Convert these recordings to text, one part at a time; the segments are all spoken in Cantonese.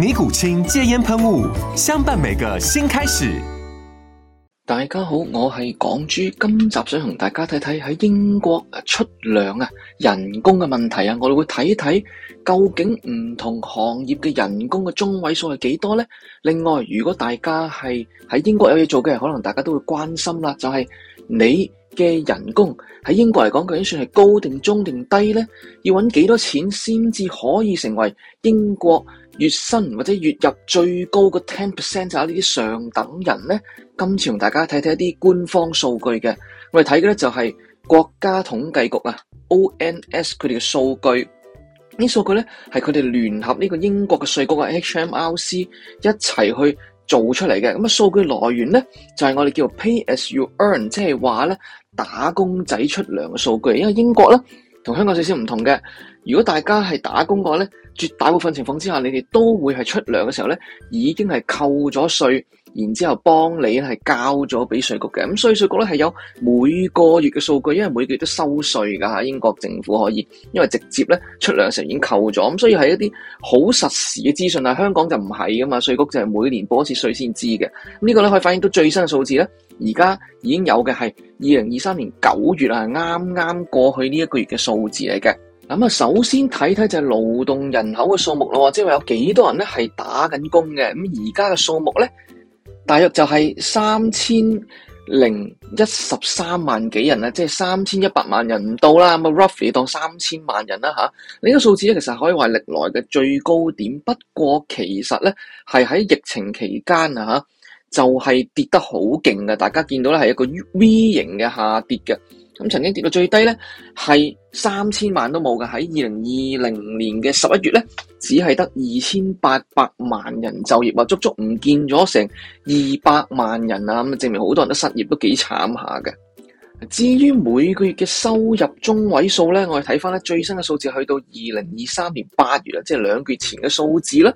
尼古清戒煙噴霧，相伴每個新開始。大家好，我係港珠。今集想同大家睇睇喺英國出糧啊，人工嘅問題啊，我哋會睇一睇究竟唔同行業嘅人工嘅中位數係幾多咧。另外，如果大家係喺英國有嘢做嘅，可能大家都會關心啦，就係你嘅人工喺英國嚟講，究竟算係高定、中定、低咧？要搵幾多錢先至可以成為英國？月薪或者月入最高個 ten percent 就係呢啲上等人咧。今次同大家睇睇一啲官方數據嘅，我哋睇嘅咧就係國家統計局啊，ONS 佢哋嘅數據。呢數據咧係佢哋聯合呢個英國嘅稅局嘅 HMRC 一齊去做出嚟嘅。咁啊，數據來源咧就係、是、我哋叫做 pay as you earn，即係話咧打工仔出糧嘅數據。因為英國咧。同香港少少唔同嘅，如果大家係打工嘅話咧，咧，絕大部分情況之下，你哋都會係出糧嘅時候咧，已經係扣咗稅。然之後幫你係交咗俾稅局嘅，咁所以稅局咧係有每個月嘅數據，因為每個月都收稅噶吓，英國政府可以因為直接咧出糧時已經扣咗，咁所以係一啲好實時嘅資訊啊。香港就唔係噶嘛，稅局就係每年報一次稅先知嘅。呢、呢個咧可以反映到最新嘅數字咧，而家已經有嘅係二零二三年九月啊，啱啱過去呢一個月嘅數字嚟嘅。咁啊，首先睇睇就係勞動人口嘅數目咯，即係話有幾多人咧係打緊工嘅。咁而家嘅數目咧。大約就係三千零一十三萬幾人咧，即係三千一百萬人唔到啦，咁啊 roughly 當三千萬人啦吓。呢個數字咧，其實可以話歷來嘅最高點，不過其實咧係喺疫情期間啊吓，就係跌得好勁嘅，大家見到咧係一個 V 型嘅下跌嘅。咁曾經跌到最低呢，係三千萬都冇㗎。喺二零二零年嘅十一月呢，只係得二千八百萬人就業啊，足足唔見咗成二百萬人啊！咁證明好多人都失業都幾慘下㗎。至於每個月嘅收入中位數呢，我哋睇翻呢最新嘅數字，去到二零二三年八月啊，即係兩個月前嘅數字啦。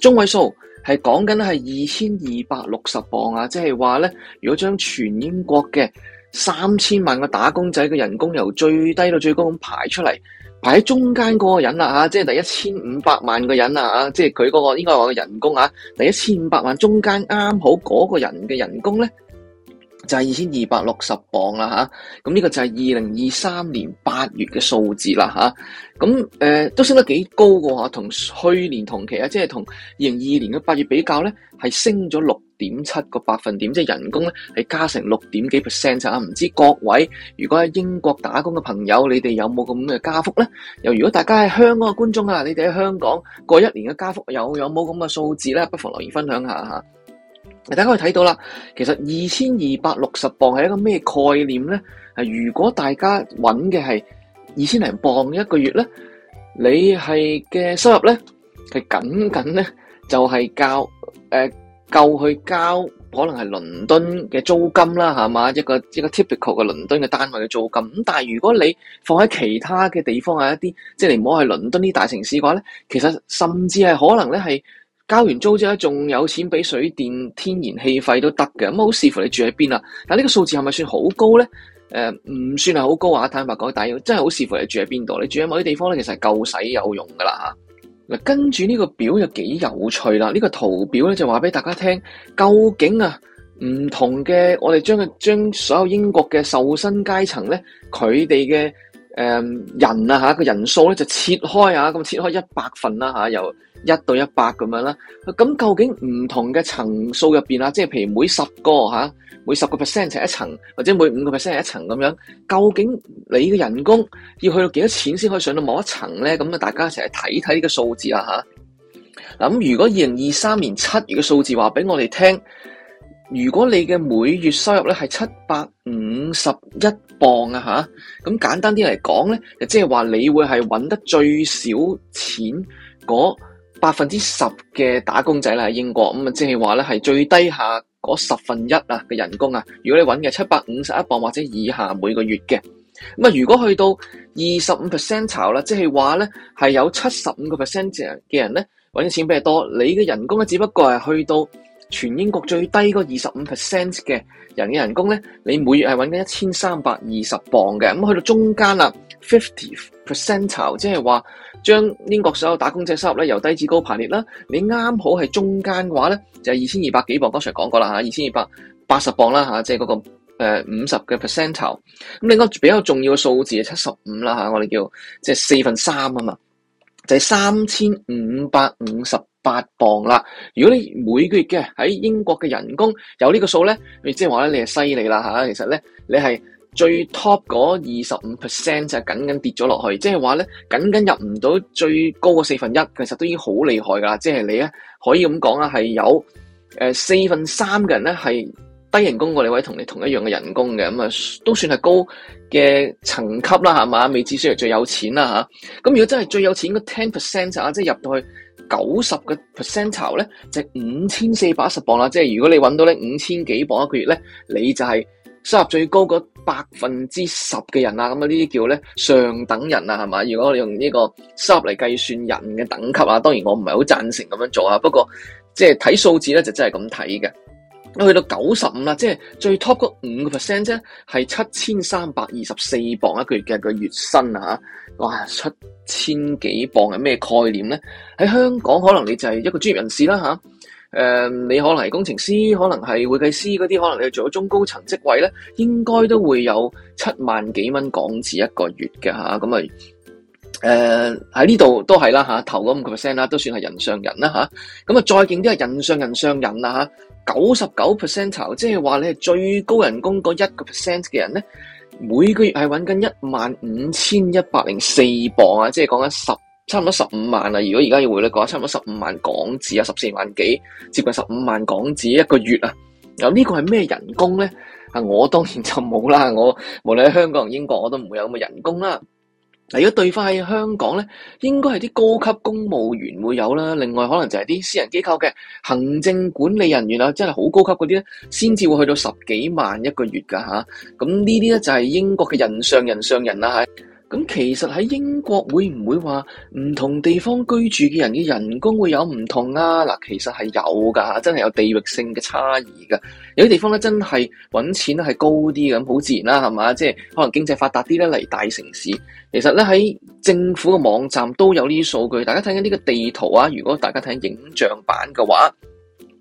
中位數係講緊係二千二百六十磅啊，即係話呢，如果將全英國嘅三千萬個打工仔嘅人工由最低到最高咁排出嚟，排喺中間嗰個人啦吓、啊，即係第一千五百萬個人啊吓，即係佢嗰個應該話嘅人工啊，第一千五百萬中間啱好嗰個人嘅人工咧，就係二千二百六十磅啦吓，咁、啊、呢個就係二零二三年八月嘅數字啦吓，咁、啊、誒、呃、都升得幾高嘅吓，同、啊、去年同期啊，即係同二零二二年嘅八月比較咧，係升咗六點七個百分點，即係人工咧，係加成六點幾 percent 啊！唔知各位如果喺英國打工嘅朋友，你哋有冇咁嘅加幅咧？又如果大家喺香港嘅觀眾啊，你哋喺香港過一年嘅加幅有有冇咁嘅數字咧？不妨留言分享下吓。大家可以睇到啦，其實二千二百六十磅係一個咩概念咧？啊，如果大家揾嘅係二千零磅一個月咧，你係嘅收入咧係僅僅咧就係教，誒。呃夠去交可能係倫敦嘅租金啦，係嘛，一個一個 typical 嘅倫敦嘅單位嘅租金。咁但係如果你放喺其他嘅地方呀，係一啲即係唔好係倫敦啲大城市嘅話咧，其實甚至係可能咧係交完租之後，仲有錢俾水電天然氣費都得嘅。咁好視乎你住喺邊啦。但係呢個數字係咪算好高咧？誒，唔算係好高啊！坦白講，但係真係好視乎你住喺邊度。你住喺某啲地方咧，其實係夠使有用噶啦吓。嗱，跟住呢個表就幾有趣啦！呢、這個圖表咧就話俾大家聽，究竟啊唔同嘅，我哋將嘅將所有英國嘅受薪階層咧，佢哋嘅。誒，人啊吓，個人數咧就切開啊，咁切開一百份啦吓，由一到一百咁樣啦。咁究竟唔同嘅層數入邊啊，即係譬如每十個吓，每十個 percent 係一層，或者每五個 percent 係一層咁樣，究竟你嘅人工要去到幾多錢先可以上到某一層咧？咁啊，大家一齊睇睇呢個數字啊吓。嗱，咁如果二零二三年七月嘅數字話俾我哋聽。如果你嘅每月收入咧係七百五十一磅啊吓，咁簡單啲嚟講咧，即係話你會係搵得最少錢嗰百分之十嘅打工仔啦，喺英國咁啊，即係話咧係最低下嗰十分一啊嘅人工啊。如果你搵嘅七百五十一磅或者以下每個月嘅，咁啊，如果去到二十五 percent 潮啦，即係話咧係有七十五個 percent 嘅人咧搵錢比較多，你嘅人工咧只不過係去到。全英國最低嗰二十五 percent 嘅人嘅人工咧，你每月係揾緊一千三百二十磅嘅。咁去到中間啦，fifty percentile，即係話將英國所有打工者收入咧由低至高排列啦。你啱好係中間嘅話咧，就係二千二百幾磅。剛才講過啦嚇，二千二百八十磅啦嚇，即係嗰個誒五十嘅 percentile。咁另外一個比較重要嘅數字係七十五啦嚇，75，我哋叫即係四分三啊嘛，就係三千五百五十。八磅啦！如果你每個月嘅喺英國嘅人工有個數呢個數咧，即係話咧你係犀利啦吓。其實咧你係最 top 嗰二十五 percent 就係僅僅跌咗落去，即係話咧僅僅入唔到最高嘅四分一，其實都已經好厲害噶啦。即係你咧可以咁講呀，係有誒四分三嘅人咧係低人工過你或者同你同一樣嘅人工嘅，咁啊都算係高嘅層級啦，係嘛？未至於係最有錢啦吓。咁、啊、如果真係最有錢，應該 ten percent 啊，即係入到去。九十個 percent 咧，就五千四百一十磅啦。即係如果你揾到呢五千幾磅一個月咧，你就係收入最高個百分之十嘅人啊。咁啊呢啲叫咧上等人啊，係嘛？如果你用呢個收入嚟計算人嘅等級啊，當然我唔係好贊成咁樣做啊。不過即係睇數字咧，就真係咁睇嘅。去到九十五啦，即係最 top 嗰五個 percent 啫，係七千三百二十四鎊一個月嘅個月薪啊！哇，七千幾鎊係咩概念咧？喺香港可能你就係一個專業人士啦嚇，誒、啊嗯，你可能係工程師，可能係會計師嗰啲，可能你做咗中高層職位咧，應該都會有七萬幾蚊港紙一個月嘅嚇，咁、啊、咪～誒、呃，喺呢度都係啦吓，頭五個 percent 啦，都算係人上人啦吓。咁啊,啊，再勁啲係人上人上人啦吓，九十九 percent 即係話你係最高人工嗰一個 percent 嘅人咧，每個月係搵緊一萬五千一百零四磅啊，即係講緊十差唔多十五萬啦、啊。如果而家要匯率講，差唔多十五萬港紙啊，十四萬幾，接近十五萬港紙一個月啊。有呢個係咩人工咧？啊，我當然就冇啦。我無論喺香港同英國，我都唔會有咁嘅人工啦。啊嗱，如果對翻喺香港咧，應該係啲高級公務員會有啦，另外可能就係啲私人機構嘅行政管理人員啊，真係好高級嗰啲咧，先至會去到十幾萬一個月噶嚇。咁呢啲咧就係英國嘅人上人上人啦。咁其實喺英國會唔會話唔同地方居住嘅人嘅人工會有唔同啊？嗱，其實係有噶，真係有地域性嘅差異噶。有啲地方咧，真係搵錢咧係高啲，咁好自然啦，係嘛？即係可能經濟發達啲咧嚟大城市。其實咧喺政府嘅網站都有呢啲數據，大家睇緊呢個地圖啊。如果大家睇緊影像版嘅話，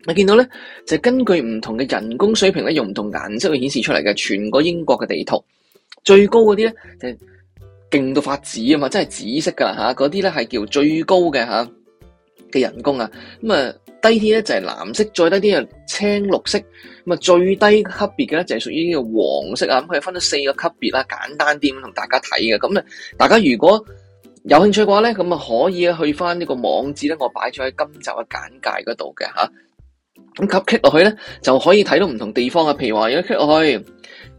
你見到咧就係根據唔同嘅人工水平咧用唔同顏色去顯示出嚟嘅全個英國嘅地圖，最高嗰啲咧就係。勁到發紫啊嘛，即係紫色噶吓，嗰啲咧係叫最高嘅吓嘅人工啊。咁啊，低啲咧就係藍色，再低啲啊青綠色。咁啊，最低級別嘅咧就係屬於呢個黃色啊。咁佢係分咗四個級別啦，簡單啲咁同大家睇嘅。咁咧，大家如果有興趣嘅話咧，咁啊可以去翻呢個網址咧，我擺咗喺今集嘅簡介嗰度嘅吓。咁吸 click 落去咧，就可以睇到唔同地方嘅，譬如話如果 click 落去。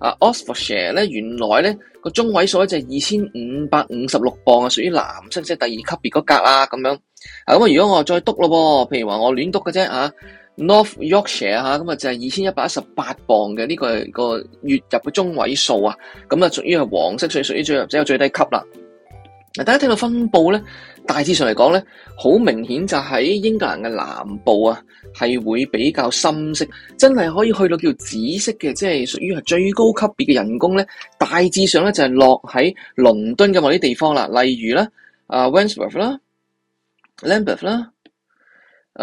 啊，Oxfordshire 咧，原來咧個中位數咧就係二千五百五十六磅啊，屬於藍色即係第二級別嗰格啦。咁樣。啊，咁啊，如果我再督咯喎，譬如話我亂篤嘅啫嚇，North Yorkshire 吓、啊，咁啊就係二千一百一十八磅嘅呢、呢個、呢個月入嘅中位數啊，咁啊屬於係黃色，所以屬於最屬於最入即係最低級啦。嗱，大家聽到分佈咧。大致上嚟講呢，好明顯就喺英格蘭嘅南部啊，係會比較深色，真係可以去到叫紫色嘅，即係屬於係最高級別嘅人工呢，大致上呢，就係落喺倫敦嘅某啲地方啦，例如啦啊 Wandsworth 啦 Lambeth 啦。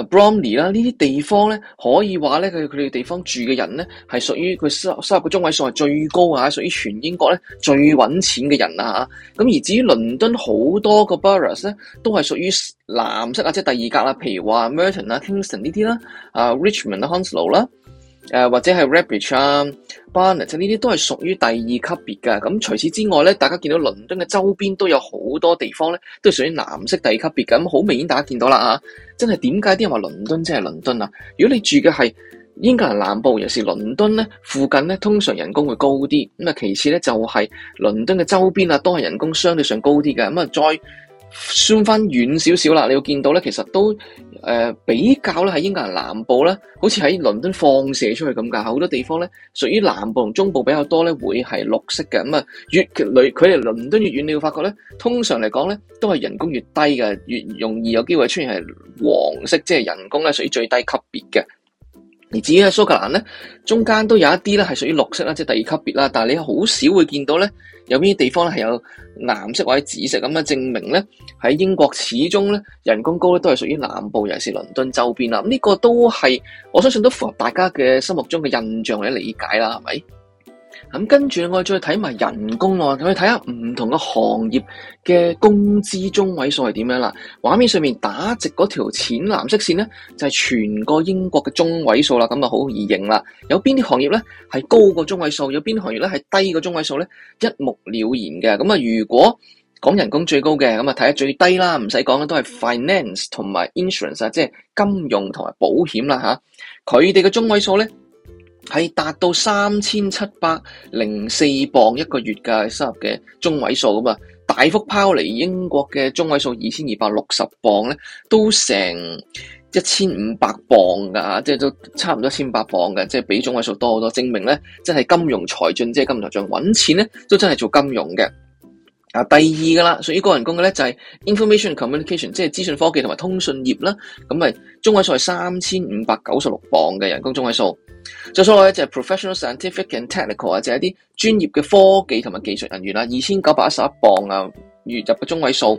Bromley 啦，呢啲地方咧，可以話咧，佢佢哋地方住嘅人咧，係屬於佢收收入個中位數係最高啊，屬於全英國咧最搵錢嘅人啊吓。咁而至於倫敦好多個 boroughs 咧，都係屬於藍色啊，即係第二格啦，譬如話 Merton 啊、Kingston 呢啲啦，啊 Richmond 啊、Hounslow 啦。誒或者係 Redbridge 啊、Barnet 即係呢啲都係屬於第二級別嘅。咁除此之外咧，大家見到倫敦嘅周邊都有好多地方咧，都係屬於藍色第二級別嘅。咁好明顯大家見到啦啊！真係點解啲人話倫敦即係倫敦啊？如果你住嘅係英格蘭南部尤其是倫敦咧，附近咧通常人工會高啲。咁啊，其次咧就係、是、倫敦嘅周邊啊，都係人工相對上高啲嘅。咁啊，再。算翻遠少少啦，你會見到咧，其實都誒比較咧喺英格蘭南部咧，好似喺倫敦放射出去咁㗎，好多地方咧屬於南部同中部比較多咧，會係綠色嘅。咁啊，越佢離倫敦越遠，你會發覺咧，通常嚟講咧，都係人工越低嘅，越容易有機會出現係黃色，即係人工咧屬於最低級別嘅。而至於喺蘇格蘭咧，中間都有一啲咧係屬於綠色啦，即係第二級別啦。但係你好少會見到咧，有邊啲地方咧係有藍色或者紫色咁啊？證明咧喺英國始終咧人工高咧都係屬於南部，尤其是倫敦周邊啦。咁呢個都係我相信都符合大家嘅心目中嘅印象或者理解啦，係咪？咁跟住我哋再睇埋人工喎，咁睇下唔同嘅行業嘅工資中位數係點樣啦。畫面上面打直嗰條淺藍色線咧，就係全個英國嘅中位數啦。咁啊，好易認啦。有邊啲行業咧係高過中位數？有邊啲行業咧係低過中位數咧？一目了然嘅。咁啊，如果講人工最高嘅，咁啊睇下最低啦，唔使講都係 finance 同埋 insurance 啊，即係金融同埋保險啦吓。佢哋嘅中位數咧。係達到三千七百零四磅一個月嘅收入嘅中位數咁啊，大幅拋離英國嘅中位數二千二百六十磅咧，都成一千五百磅噶，即係都差唔多一千八磅嘅，即係比中位數多好多，證明咧真係金融財進，即係金融財進搵錢咧，都真係做金融嘅。啊，第二噶啦，屬於個人工嘅咧就係 information communication，即係資訊科技同埋通訊業啦。咁咪中位數係三千五百九十六磅嘅人工中位數。再所謂就係 professional scientific and technical，或者係啲專業嘅科技同埋技術人員啦，二千九百一十一磅啊，月入嘅中位數。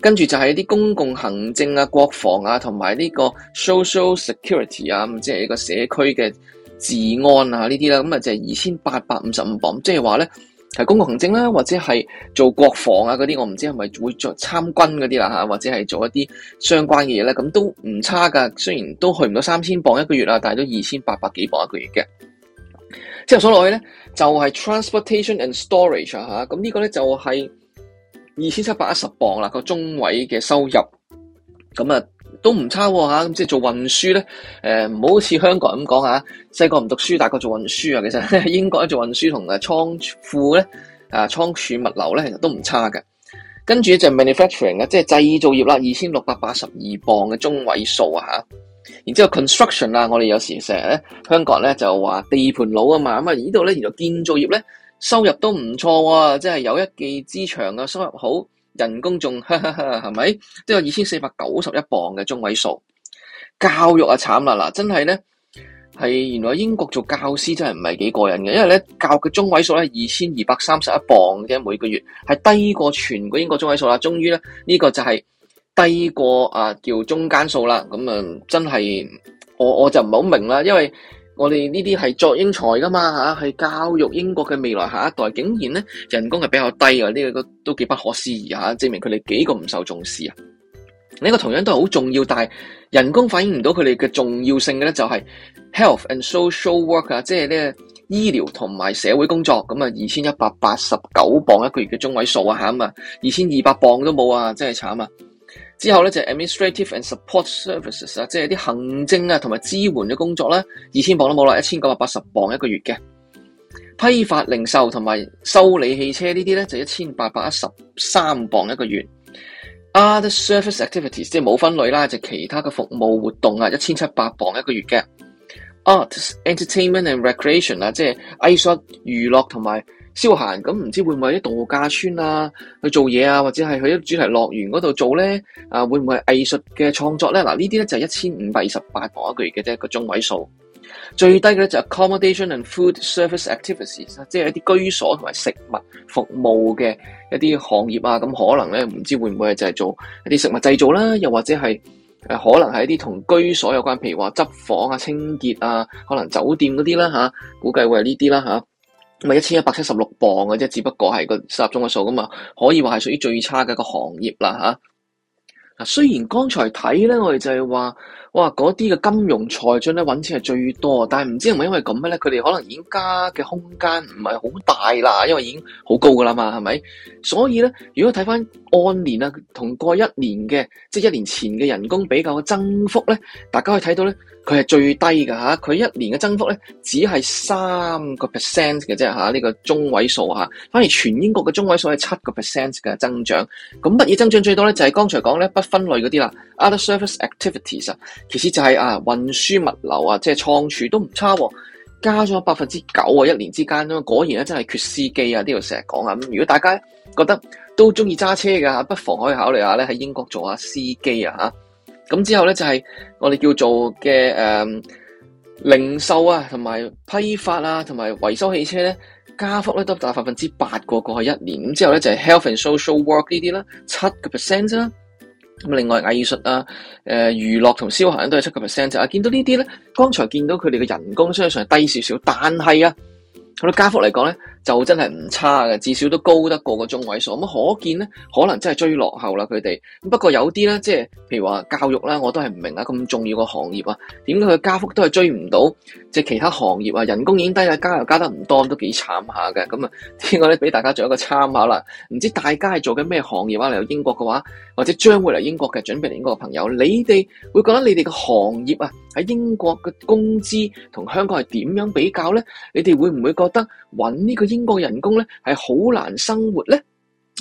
跟住就係啲公共行政啊、國防啊，同埋呢個 social security 啊，即係一個社區嘅治安啊呢啲啦。咁啊就係二千八百五十五磅，即係話咧。係公共行政啦，或者係做國防啊嗰啲，我唔知係咪會做參軍嗰啲啦吓，或者係做一啲相關嘅嘢咧，咁都唔差噶。雖然都去唔到三千磅一個月啦，但係都二千八百幾磅一個月嘅。之後所落去咧就係 transportation and storage 啊吓，咁呢個咧就係二千七百一十磅啦個中位嘅收入，咁啊。都唔差喎吓，咁即係做運輸咧，誒唔好似香港咁講吓，細個唔讀書，大個做運輸啊！其實英國做運輸同誒倉庫咧，啊倉儲物流咧，其實都唔差嘅。跟住就 manufacturing 啊，即係製造業啦，二千六百八十二磅嘅中位數啊吓，然之後 construction 啊，我哋有時成日咧香港咧就話地盤佬啊嘛，咁啊呢度咧原來建造業咧收入都唔錯喎，即係有一技之長嘅收入好。人工仲係咪？都有二千四百九十一磅嘅中位數。教育啊，慘啦嗱，真係咧係原來英國做教師真係唔係幾過癮嘅，因為咧教嘅中位數咧二千二百三十一磅嘅啫，每個月係低過全個英國中位數啦。終於咧呢個就係低過啊叫中間數啦。咁啊真係我我就唔好明啦，因為。我哋呢啲係作英才噶嘛吓，係教育英國嘅未來下一代，竟然咧人工係比較低啊！呢個都都幾不可思議嚇，證明佢哋幾個唔受重視啊！呢個同樣都係好重要，但係人工反映唔到佢哋嘅重要性嘅咧，就係 health and social work 呀，即係咧醫療同埋社會工作咁啊，二千一百八十九磅一個月嘅中位數啊咁啊，二千二百磅都冇啊，真係慘啊！之後咧就 administrative and support services 啊，即係啲行政啊同埋支援嘅工作啦。二千磅都冇啦，一千九百八十磅一個月嘅。批發零售同埋修理汽車呢啲咧就一千八百一十三磅一個月。Other service activities 即係冇分類啦，就其他嘅服務活動啊，一千七百磅一個月嘅。Arts, entertainment and recreation 啊，即係藝術、娛樂同埋消閒咁，唔知會唔會喺度假村啊去做嘢啊，或者係去啲主題樂園嗰度做呢？啊，會唔會係藝術嘅創作呢？嗱，呢啲呢就係一千五百二十八鎊一個月嘅啫，個中位數最低嘅呢，就係 accommodation and food service activities，啊、即係一啲居所同埋食物服務嘅一啲行業啊，咁可能呢，唔知會唔會就係做一啲食物製造啦，又或者係、啊、可能係一啲同居所有關，譬如話執房啊、清潔啊，可能酒店嗰啲啦嚇，估計會係呢啲啦嚇。咪一千一百七十六磅嘅啫，只不過係個十中嘅數咁啊，可以話係屬於最差嘅一個行業啦吓，雖然剛才睇咧，我哋就係話。哇，嗰啲嘅金融財津咧揾錢係最多，但係唔知係咪因為咁咧？佢哋可能已經加嘅空間唔係好大啦，因為已經好高噶啦嘛，係咪？所以咧，如果睇翻按年啊同過一年嘅即係一年前嘅人工比較嘅增幅咧，大家可以睇到咧，佢係最低噶吓，佢一年嘅增幅咧只係三個 percent 嘅啫吓。呢、這個中位數吓，反而全英國嘅中位數係七個 percent 嘅增長。咁乜嘢增長最多咧？就係、是、剛才講咧不分類嗰啲啦，other service activities 啊。其次就係啊運輸物流啊即係倉儲都唔差啊，加咗百分之九啊一年之間啦，果然咧真係缺司機啊呢度成日講啊。如果大家覺得都中意揸車噶，不妨可以考慮下咧喺英國做下司機啊吓。咁之後咧就係我哋叫做嘅誒零售啊同埋批發啊同埋維修汽車咧，加幅咧都達百分之八個過去一年。咁之後咧就係 health and social work 呢啲啦，七個 percent 啦。咁另外藝術啊，誒娛樂同消閒都係七個 percent 啫，見到呢啲咧，剛才見到佢哋嘅人工相對上係低少少，但係啊，喺加幅嚟講咧，就真係唔差嘅，至少都高得過個中位數。咁可見咧，可能真係追落後啦佢哋。不過有啲咧，即係譬如話教育啦，我都係唔明啊，咁重要個行業啊，點解佢加幅都係追唔到？即係其他行業啊，人工已經低啊，加又加得唔多，都幾慘下嘅。咁啊，另外咧，俾大家做一個參考啦。唔知大家係做緊咩行業啊？嚟到英國嘅話，或者將會嚟英國嘅，準備嚟英國嘅朋友，你哋會覺得你哋嘅行業啊，喺英國嘅工資同香港係點樣比較咧？你哋會唔會覺得搵呢個？英國人工咧係好難生活咧，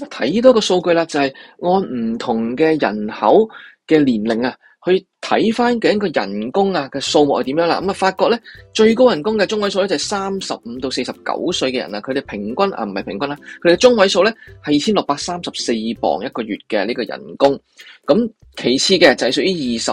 睇到個數據啦，就係、是、按唔同嘅人口嘅年齡啊。佢睇翻究竟個人工啊嘅數目係點樣啦？咁啊，發覺咧最高人工嘅中位數咧就係三十五到四十九歲嘅人啊，佢哋平均啊唔係平均啦，佢哋中位數咧係二千六百三十四磅一個月嘅呢個人工。咁其次嘅就係屬於二十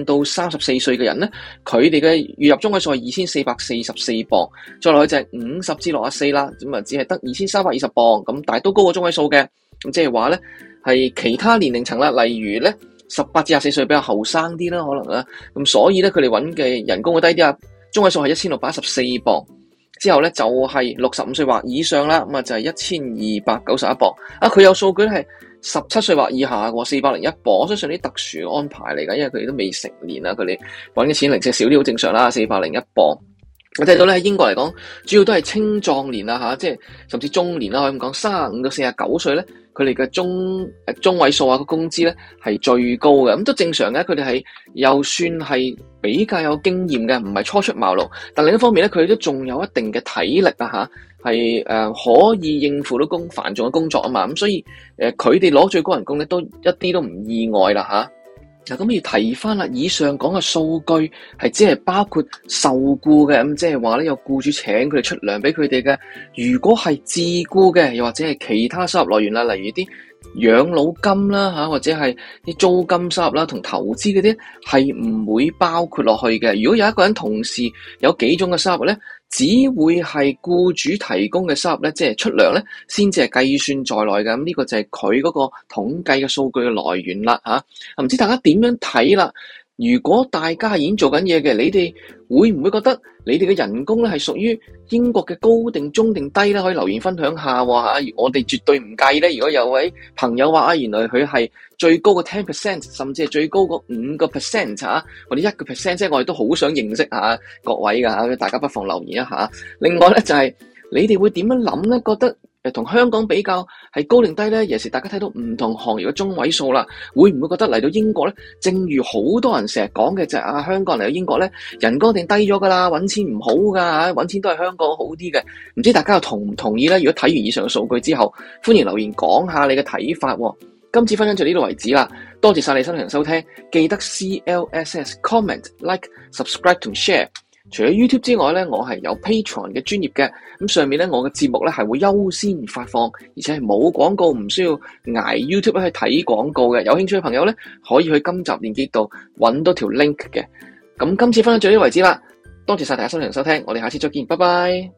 五到三十四歲嘅人咧，佢哋嘅月入中位數係二千四百四十四磅。再落去就係五十至六十四啦，咁啊只係得二千三百二十磅。咁但係都高過中位數嘅。咁即係話咧係其他年齡層啦，例如咧。十八至廿四歲比較後生啲啦，可能啦，咁所以咧，佢哋揾嘅人工會低啲啊。中位數係一千六百一十四磅，之後咧就係六十五歲或以上啦，咁啊就係一千二百九十一磅。啊，佢有數據咧係十七歲或以下嘅話，四百零一磅，我相信啲特殊安排嚟噶，因為佢哋都未成年啊，佢哋揾嘅錢零舍少啲，好正常啦，四百零一磅。我睇到咧喺英國嚟講，主要都係青壯年啊吓，即係甚至中年啦，可以咁講，卅五到四十九歲咧。佢哋嘅中中位數啊個工資咧係最高嘅，咁都正常嘅。佢哋係又算係比較有經驗嘅，唔係初出茅廬。但另一方面咧，佢哋都仲有一定嘅體力啊，係可以應付到工繁重嘅工作啊嘛。咁所以佢哋攞最高人工咧，都一啲都唔意外啦吓。嗱，咁要提翻啦，以上講嘅數據係只係包括受雇嘅，咁即係話咧有僱主請佢哋出糧俾佢哋嘅。如果係自雇嘅，又或者係其他收入來源啦，例如啲養老金啦嚇，或者係啲租金收入啦，同投資嗰啲係唔會包括落去嘅。如果有一個人同時有幾種嘅收入咧？只會係僱主提供嘅收入咧，即係出糧咧，先至係計算在內嘅。咁呢個就係佢嗰個統計嘅數據嘅來源啦，嚇。唔知大家點樣睇啦？如果大家已經做緊嘢嘅，你哋會唔會覺得你哋嘅人工咧係屬於英國嘅高定、中定低咧？可以留言分享下喎吓，我哋絕對唔介意咧。如果有位朋友話啊，原來佢係最高個 ten percent，甚至係最高個五個 percent 吓，我哋一個 percent 即係我哋都好想認識下各位噶吓，大家不妨留言一下。另外咧就係、是、你哋會點樣諗咧？覺得？同香港比較係高定低呢？有時大家睇到唔同行業嘅中位數啦，會唔會覺得嚟到英國呢？正如好多人成日講嘅就係啊，香港嚟到英國呢，人工定低咗㗎啦，揾錢唔好㗎，揾錢都係香港好啲嘅。唔知大家又同唔同意呢？如果睇完以上嘅數據之後，歡迎留言講下你嘅睇法喎。今次分享就呢度為止啦，多謝晒你心靈收聽，記得 C L S S comment like subscribe to share。除咗 YouTube 之外咧，我係有 Patreon 嘅專頁嘅，咁上面咧我嘅節目咧係會優先發放，而且係冇廣告，唔需要捱 YouTube 去睇廣告嘅。有興趣嘅朋友咧，可以去今集鏈接度搵多條 link 嘅。咁今次分享到呢度為止啦，多謝晒大家收聽收聽，我哋下次再見，拜拜。